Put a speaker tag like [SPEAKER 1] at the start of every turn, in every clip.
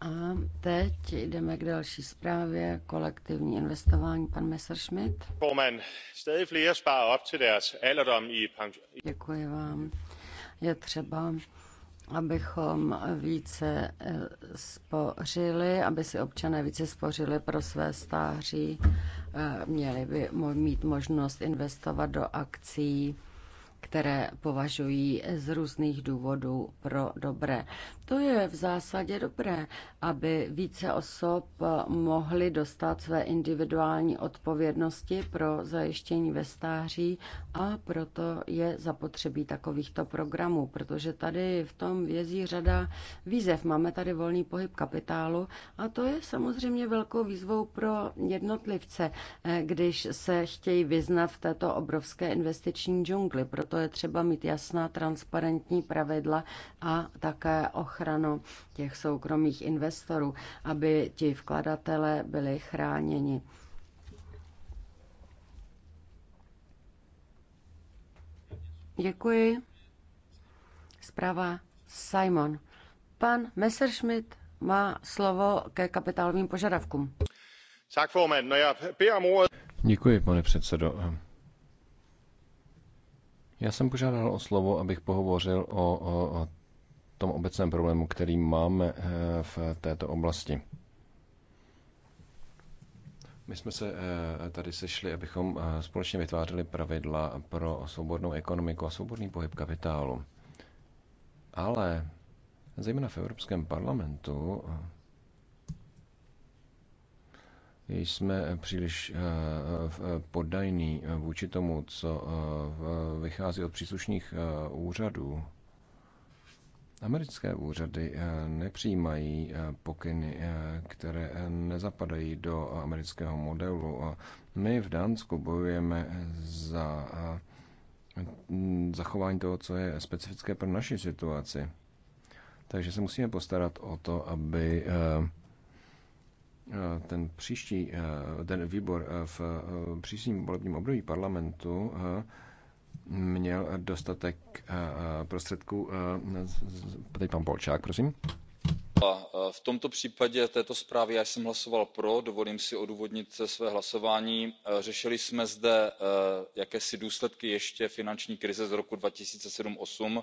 [SPEAKER 1] a teď jdeme k další zprávě.
[SPEAKER 2] Kolektivní
[SPEAKER 1] investování, pan Messerschmidt. Děkuji vám. Je třeba abychom více eh, spořili, aby si občané více spořili pro své stáří, eh, měli by mít možnost investovat do akcí které považují z různých důvodů pro dobré. To je v zásadě dobré, aby více osob mohly dostat své individuální odpovědnosti pro zajištění ve stáří a proto je zapotřebí takovýchto programů, protože tady v tom vězí řada výzev. Máme tady volný pohyb kapitálu a to je samozřejmě velkou výzvou pro jednotlivce, eh, když se chtějí vyznat v této obrovské investiční džungli. Proto proto je třeba mít jasná transparentní pravidla a také ochranu těch soukromých investorů, aby ti vkladatelé byli chráněni. Děkuji. Zpráva Simon. Pan Messerschmidt má slovo ke kapitálovým požadavkům.
[SPEAKER 2] No
[SPEAKER 3] Děkuji, pane předsedo. Já jsem požádal o slovo, abych pohovořil o, o, o tom obecném problému, který máme eh, v této oblasti. My jsme se eh, tady sešli, abychom eh, společně vytvářeli pravidla pro svobodnou ekonomiku a svobodný pohyb kapitálu. Ale zejména v Evropském parlamentu jsme příliš eh, eh, poddajní vůči tomu, co eh, vychází od příslušných úřadů. Americké úřady nepřijímají pokyny, které nezapadají do amerického modelu. My v Dánsku bojujeme za zachování toho, co je specifické pro naši situaci. Takže se musíme postarat o to, aby Eh, ten příští, eh, ten výbor eh, v příštím volebním období parlamentu měl dostatek prostředků. Tady pan Polčák, prosím.
[SPEAKER 4] V tomto případě této zprávy já jsem hlasoval pro, dovolím si odůvodnit své hlasování. Řešili jsme zde jakési důsledky ještě finanční krize z roku 2007-2008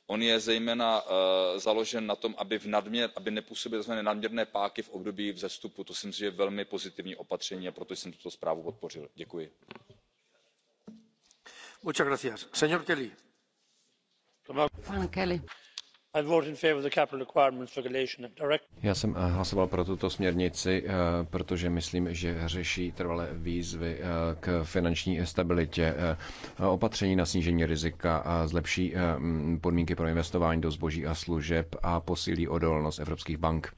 [SPEAKER 4] on je zejména eh, založen na tom aby nepůsobily tzv. nadměrné páky v období vzestupu. to si myslím že je velmi pozitivní opatření a proto jsem tuto zprávu podpořil. děkuji.
[SPEAKER 3] Já jsem eh, hlasoval pro tuto směrnici, eh, protože myslím, že řeší trvalé výzvy eh, k finanční stabilitě, opatření na snížení rizika a zlepší podmínky pro investování do zboží a služeb a posílí odolnost evropských bank.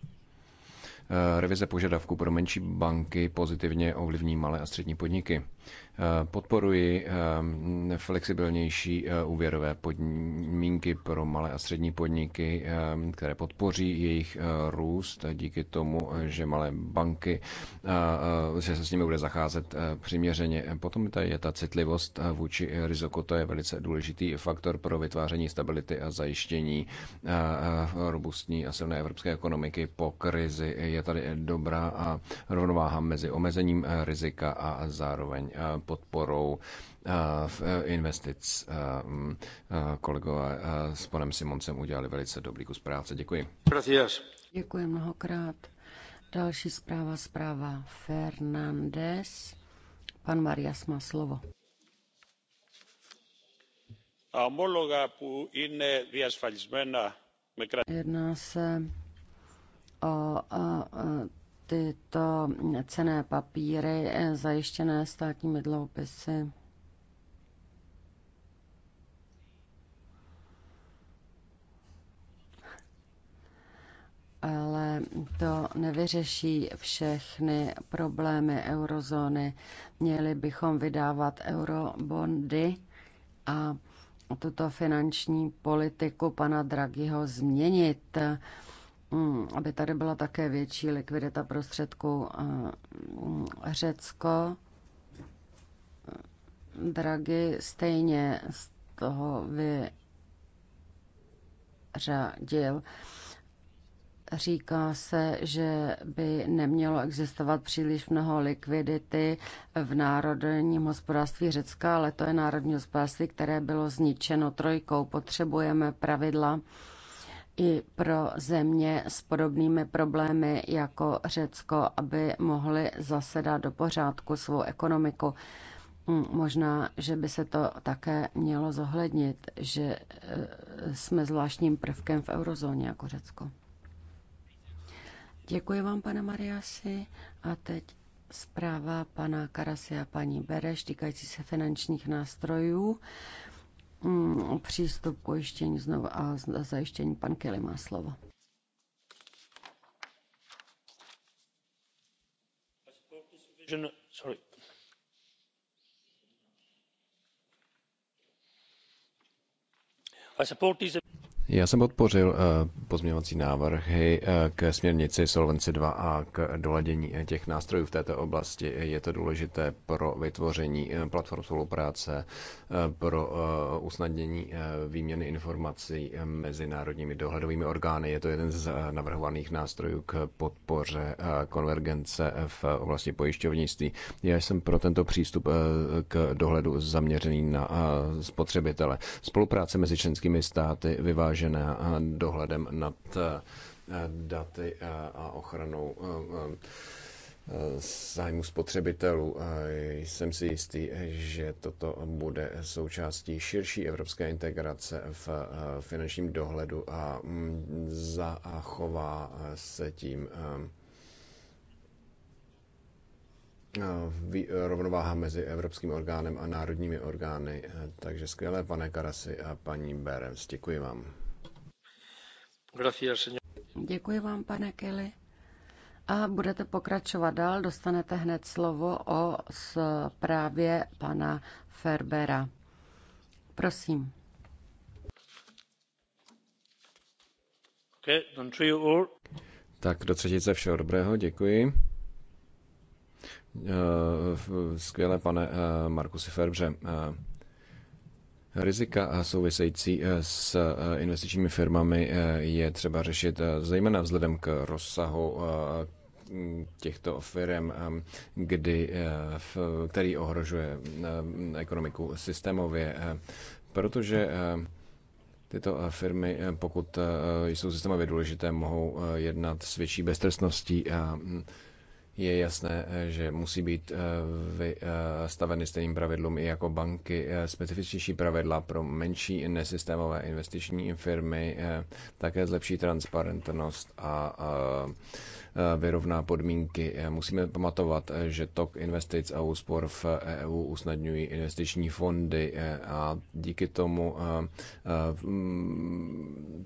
[SPEAKER 3] Revize požadavků pro menší banky pozitivně ovlivní malé a střední podniky. Eh, podporuji eh, flexibilnější eh, úvěrové podmínky pro malé a střední podniky, které podpoří jejich růst díky tomu, že malé banky, že se s nimi bude zacházet přiměřeně. Potom tady je ta citlivost vůči riziku, to je velice důležitý faktor pro vytváření stability a zajištění robustní a silné evropské ekonomiky po krizi. Je tady dobrá rovnováha mezi omezením rizika a zároveň podporou eh, eh, investic. Eh, mm, kolegové s panem Simoncem udělali velice dobrý kus práce. Děkuji.
[SPEAKER 1] Děkuji mnohokrát. Další zpráva, zpráva Fernández. Pan Marias má slovo. Jedná se o, o, o tyto cené papíry eh, zajištěné státními dluhopisy. ale to nevyřeší všechny problémy eurozóny. Měli bychom vydávat eurobondy a tuto finanční politiku pana Draghiho změnit Mm, aby tady byla také větší likvidita prostředků. Eh, Řecko, dragy, stejně z toho vyřadil. Říká se, že by nemělo existovat příliš mnoho likvidity v národním hospodářství Řecka, ale to je národní hospodářství, které bylo zničeno trojkou. Potřebujeme pravidla, i pro země s podobnými problémy jako Řecko, aby mohly zasedat do pořádku svou ekonomiku. Hm, možná, že by se to také mělo zohlednit, že e, jsme zvláštním prvkem v eurozóně jako Řecko. Děkuji vám, pane Mariasi. A teď zpráva pana Karasy a paní Bereš týkající se finančních nástrojů. Mm, přístup k pojištění znovu a zajištění. Pan Kelly má slovo.
[SPEAKER 5] Sorry. i support these.
[SPEAKER 3] Já jsem podpořil eh, pozměňovací návrhy eh, k směrnici Solvenci 2 a k doladění eh, těch nástrojů v této oblasti. Je to důležité pro vytvoření platform spolupráce, pro usnadnění výměny informací mezi národními dohledovými orgány. Je to jeden z navrhovaných nástrojů k podpoře konvergence v oblasti pojišťovnictví. Já jsem pro tento přístup k dohledu zaměřený na spotřebitele. Spolupráce mezi členskými státy vyváží zatížené dohledem nad eh, daty eh, a ochranou eh, zájmu spotřebitelů. Jsem si jistý, že toto bude součástí širší evropské integrace v finančním dohledu a mm, zachová se tím rovnováha mezi evropským orgánem a národními orgány. Takže skvělé, pane Karasi a paní Berems, děkuji vám.
[SPEAKER 1] Děkuji vám, pane Kelly. A budete pokračovat dál, dostanete hned slovo o zprávě pana Ferbera. Prosím.
[SPEAKER 3] Tak do třetice všeho dobrého, děkuji. Eh, skvěle, pane eh, Markusi Ferbře. Eh, Rizika související eh, s eh, investičními firmami eh, je třeba řešit zejména vzhledem k rozsahu těchto firm, kdy, který ohrožuje ekonomiku systémově, protože tyto firmy, pokud jsou systémově důležité, mohou jednat s větší beztrestností a mm, je jasné, eh, že musí být eh, eh, staveny stejným pravidlům i jako banky, specifičnější pravidla pro menší nesystémové investiční firmy, také zlepší transparentnost a vyrovná podmínky. Musíme pamatovat, že tok investic a úspor v EU usnadňují investiční fondy a díky tomu mm,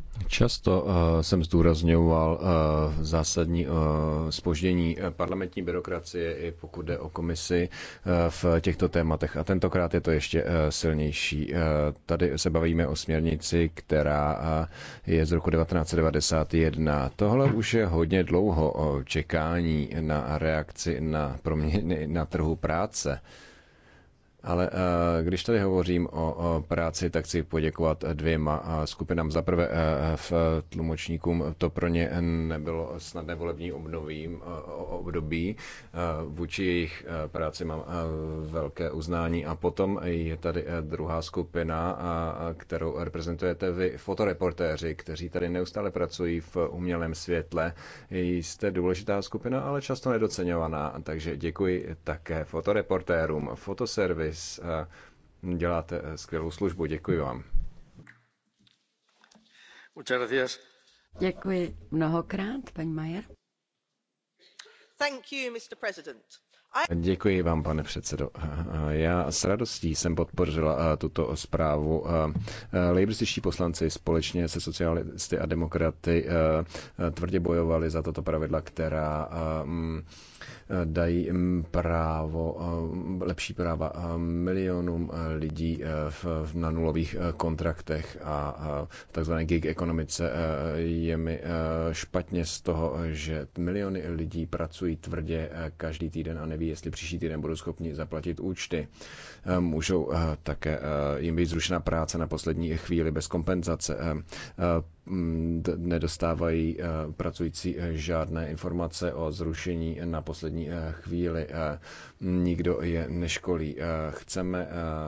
[SPEAKER 3] Často eh, jsem zdůrazňoval eh, zásadní spoždění eh, parlamentní byrokracie, i pokud jde o komisi v těchto tématech. A tentokrát je to ještě silnější. Tady se bavíme o směrnici, která je z roku 1991. Tohle už je hodně dlouho čekání na reakci na proměny na trhu práce. Ale eh, když tady hovořím o práci, tak chci poděkovat eh, dvěma eh, skupinám. Za prvé v tlumočníkům to pro ně nebylo snadné volební obnovím, období. Vůči jejich práci mám velké uznání. A potom je tady druhá skupina, kterou reprezentujete vy, fotoreportéři, kteří tady neustále pracují v umělém světle. Jste důležitá skupina, ale často nedoceňovaná. Takže děkuji také fotoreportérům, fotoservis, Davis. Děláte eh, skvělou službu, děkuji vám.
[SPEAKER 1] Děkuji mnohokrát, paní Majer.
[SPEAKER 3] Děkuji vám, pane předsedo. Já s radostí jsem podpořila eh, tuto zprávu. Eh, Lejbrističtí poslanci společně se socialisty a demokraty tvrdě bojovali za toto pravidla, která mm, dají právo, eh, lepší práva eh, milionům eh, lidí na nulových kontraktech a takzvané gig ekonomice. Je mi špatně z toho, že miliony lidí pracují tvrdě každý týden a neví, jestli příští týden budou schopni zaplatit účty. Můžou také jim být zrušena práce na poslední chvíli bez kompenzace. Mm, nedostávají eh, pracující eh, žádné informace o zrušení na poslední eh, chvíli. Nikdo je neškolí. Chceme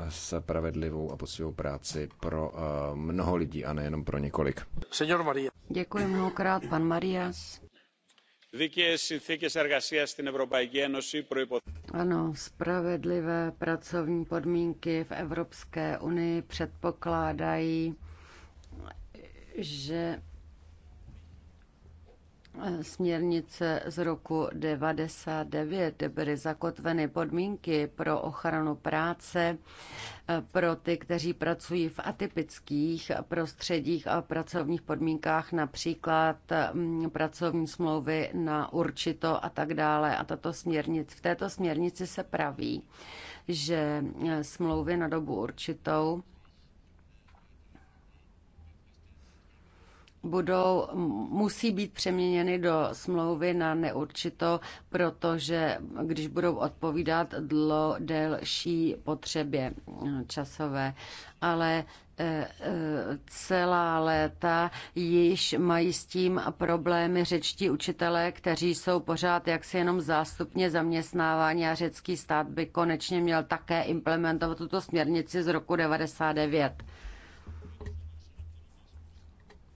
[SPEAKER 3] spravedlivou a poctivou práci pro mnoho lidí a nejenom pro několik.
[SPEAKER 1] Děkuji mnohokrát, pan Marias. Ano, spravedlivé pracovní podmínky v Evropské unii předpokládají že eh, směrnice z roku 99, kde byly zakotveny podmínky pro ochranu práce eh, pro ty, kteří pracují v atypických prostředích a pracovních podmínkách, například mm, pracovní smlouvy na určito a tak dále. A tato směrnic, v této směrnici se praví, že eh, smlouvy na dobu určitou budou, musí být přeměněny do smlouvy na neurčito, protože když budou odpovídat dlo, delší potřebě eh, časové. Ale eh, eh, celá léta již mají s tím problémy řečtí učitelé, kteří jsou pořád jaksi jenom zástupně zaměstnávání a řecký stát by konečně měl také implementovat tuto směrnici z roku 99.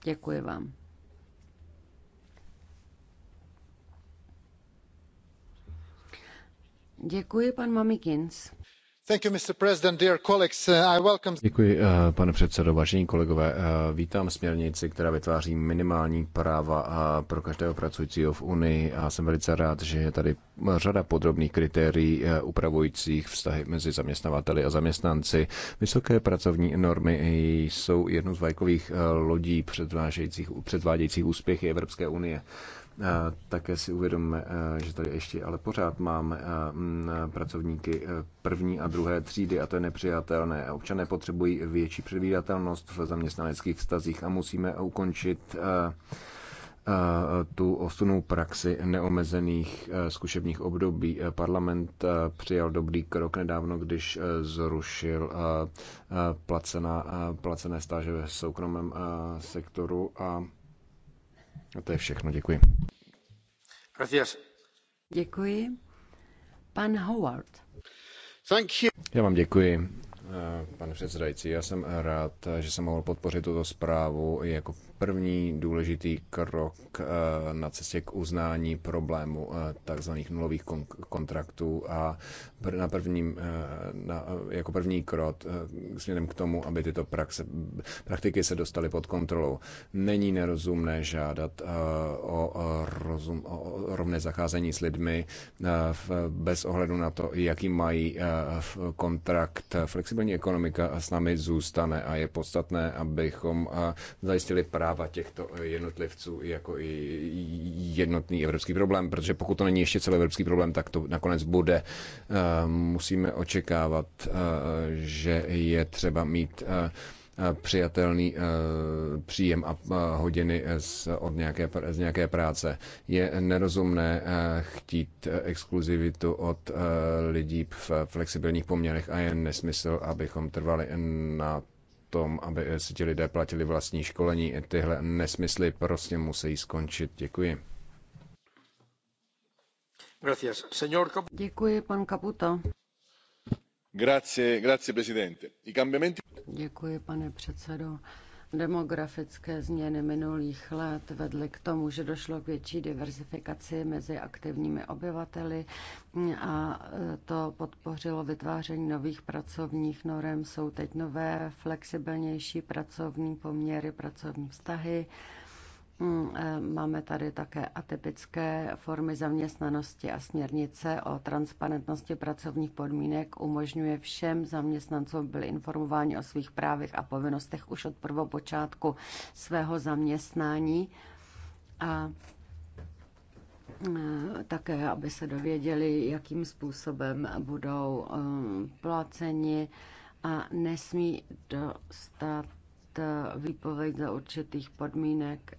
[SPEAKER 1] Děkuji vám. Děkuji, pan Mamikins. Uh,
[SPEAKER 3] Děkuji, uh, pane předsedo, vážení kolegové. Uh, vítám směrnici, která vytváří minimální práva pro každého pracujícího v Unii a jsem velice rád, že je tady řada podrobných kritérií eh, upravujících vztahy mezi zaměstnavateli a zaměstnanci. Vysoké pracovní normy jsou jednou z vajkových eh, lodí předvádějících, předvádějících úspěchy Evropské unie eh, také si uvědomme, že tady ještě ale pořád máme pracovníky první a druhé třídy a to je nepřijatelné. Občané potřebují větší předvídatelnost v zaměstnaneckých vztazích a musíme ukončit tu ostunou praxi neomezených e, zkušebních období. E, parlament e, přijal dobrý krok nedávno, když zrušil placená, placené stáže ve soukromém sektoru a to je všechno. Děkuji.
[SPEAKER 5] Gracias.
[SPEAKER 1] Děkuji. Pan Howard. Thank you.
[SPEAKER 3] Já vám děkuji pane předsedající. Já jsem rád, že jsem mohl podpořit tuto zprávu jako první důležitý krok eh, na cestě k uznání problému eh, tzv. nulových kontraktů a na prvním, eh, na, jako první krok směrem k tomu, aby tyto praxe, praktiky se dostaly pod kontrolou. Není nerozumné žádat o, rozum, o rovné zacházení s lidmi bez ohledu na to, jaký mají kontrakt. Flexibilní ekonomika s námi zůstane a je podstatné, abychom zajistili práci práva těchto eh, jednotlivců jako i jednotný evropský problém, protože pokud to není ještě celý evropský problém, tak to nakonec bude. Eh, musíme očekávat, eh, že je třeba mít přijatelný příjem a hodiny z, od nějaké, z nějaké práce. Je nerozumné chtít exkluzivitu od lidí v flexibilních poměrech a je nesmysl, abychom trvali na tom, aby si ti lidé platili vlastní školení. Tyhle nesmysly prostě musí skončit. Děkuji.
[SPEAKER 1] Děkuji, pan Kaputa.
[SPEAKER 3] Grazie,
[SPEAKER 2] grazie, presidente. I cambiamenti...
[SPEAKER 1] Děkuji, pane předsedo. Demografické změny minulých let vedly k tomu, že došlo k větší diverzifikaci mezi aktivními obyvateli a to podpořilo vytváření nových pracovních norem. Jsou teď nové, flexibilnější pracovní poměry, pracovní vztahy Mm, eh, máme tady také atypické formy zaměstnanosti a směrnice o transparentnosti pracovních podmínek umožňuje všem zaměstnancům byli informováni o svých právech a povinnostech už od prvopočátku svého zaměstnání a eh, také, aby se dověděli, jakým způsobem budou eh, placeni a nesmí dostat výpověď za určitých podmínek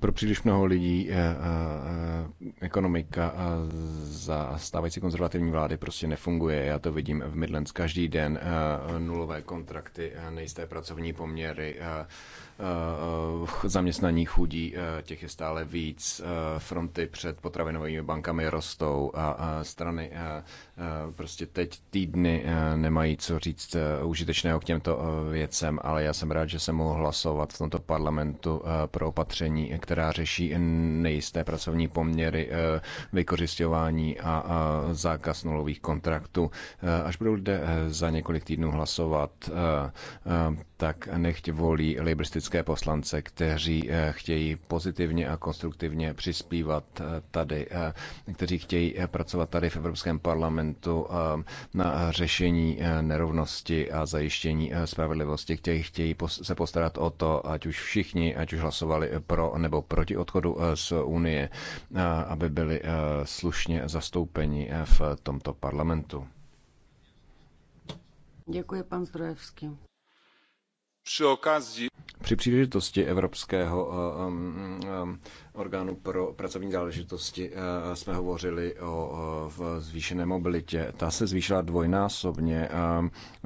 [SPEAKER 3] pro příliš mnoho lidí eh, eh, eh, ekonomika za stávající konzervativní vlády prostě nefunguje. Já to vidím v Midlands každý den. Nulové kontrakty, nejisté pracovní poměry, Eh, eh, zaměstnaní chudí, eh, těch je stále víc, fronty před potravinovými bankami rostou a strany prostě teď týdny nemají co říct užitečného k těmto věcem, ale já jsem rád, že jsem mohl hlasovat v tomto parlamentu pro opatření, která řeší nejisté pracovní poměry, vykořišťování a zákaz nulových kontraktů. Až budou lidé za několik týdnů hlasovat, tak nechť volí libristické poslance, kteří eh, chtějí pozitivně a konstruktivně přispívat eh, tady, eh, kteří chtějí pracovat tady v Evropském parlamentu na řešení nerovnosti a zajištění spravedlivosti, kteří chtějí se postarat o to, ať už všichni, ať už hlasovali pro nebo proti odchodu z Unie, aby byli slušně zastoupeni v tomto parlamentu.
[SPEAKER 1] Děkuji, pan Zdrojevský.
[SPEAKER 3] Při příležitosti evropského um, um, orgánu pro pracovní záležitosti eh, jsme hovořili o zvýšené mobilitě. Ta se zvýšila dvojnásobně eh,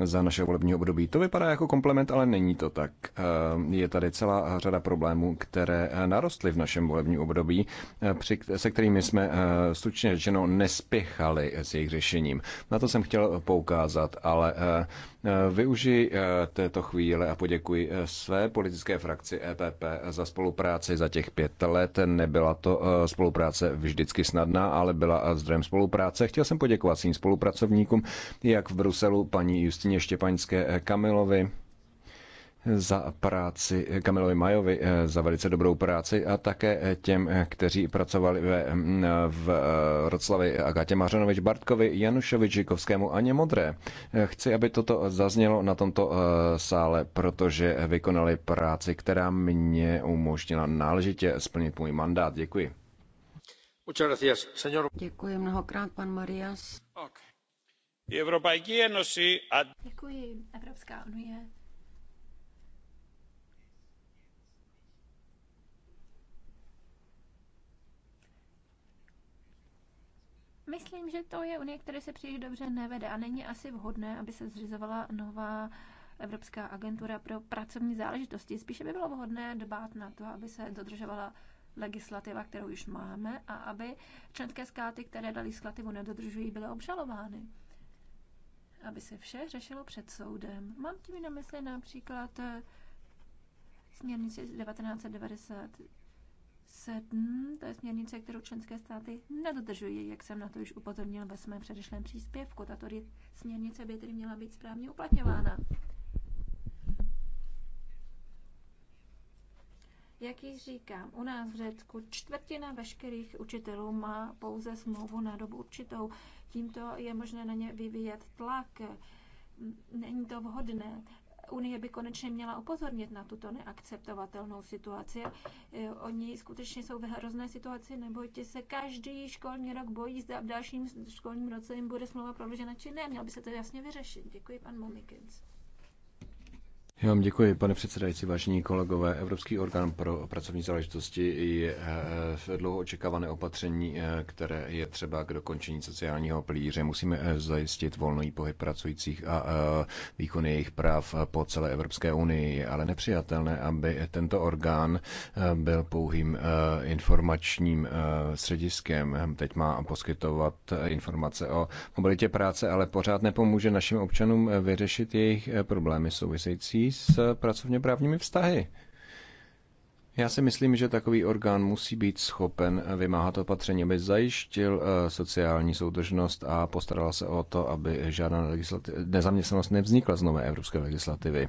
[SPEAKER 3] za našeho volebního období. To vypadá jako komplement, ale není to tak. Eh, je tady celá řada problémů, které narostly v našem volebním období, se kterými jsme stručně řečeno nespěchali s jejich řešením. Na to jsem chtěl poukázat, ale Využij této chvíle a poděkuji své politické frakci EPP za spolupráci za těch pět let říkáte, Nebyla to eh, spolupráce vždycky snadná, ale byla eh, zdrojem spolupráce. Chtěl jsem poděkovat svým spolupracovníkům, jak v Bruselu paní Justině Štěpaňské eh, Kamilovi, za práci Kamilovi Majovi, eh, za velice dobrou práci a také eh, těm, eh, kteří pracovali ve, mm, v Roclavi Agatě Mařanovič Bartkovi, Janušovi Žikovskému a Modré. Chci, aby toto zaznělo na tomto sále, protože vykonali práci, která mě umožnila náležitě splnit můj mandát. Děkuji.
[SPEAKER 1] Děkuji mnohokrát, pan Marias. No Děkuji. Evropská unie
[SPEAKER 6] Myslím, že to je unie, které se příliš dobře nevede a není asi vhodné, aby se zřizovala nová Evropská agentura pro pracovní záležitosti. Spíše by bylo vhodné dbát na to, aby se dodržovala legislativa, kterou už máme, a aby členské státy, které legislativu nedodržují, byly obžalovány. Aby se vše řešilo před soudem. Mám tím na mysli například eh, směrnici z 1990 7, to je směrnice, kterou členské státy nedodržují, jak jsem na to již upozornil ve svém předešlém příspěvku. Tato směrnice by tedy měla být správně uplatňována. Jak již říkám, u nás v Řecku čtvrtina veškerých učitelů má pouze smlouvu na dobu určitou. Tímto je možné na ně vyvíjet tlak. Není to vhodné. Unie by konečně měla upozornit na tuto neakceptovatelnou situaci. E, oni skutečně jsou ve hrozné situaci, neboť se každý školní rok bojí, zda v dalším školním roce jim bude smlouva prodloužena či ne. Měl by se to jasně vyřešit. Děkuji, pan Momikins.
[SPEAKER 3] Já vám děkuji, pane předsedající, vážení kolegové. Evropský orgán pro pracovní záležitosti je eh, dlouho očekávané opatření, eh, které je třeba k dokončení sociálního plíře. Musíme eh, zajistit volný pohyb pracujících a výkon jejich práv po celé Evropské unii, ale nepřijatelné, aby tento orgán byl pouhým informačním střediskem. Teď má poskytovat informace o mobilitě práce, ale pořád nepomůže našim občanům vyřešit jejich problémy související s eh, pracovně právními vztahy. Já si myslím, že takový orgán musí být schopen eh, vymáhat opatření, aby zajištil eh, sociální soudržnost a postaral se o to, aby žádná nezaměstnanost nevznikla z nové evropské legislativy.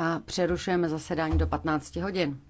[SPEAKER 1] a přerušujeme zasedání do 15 hodin.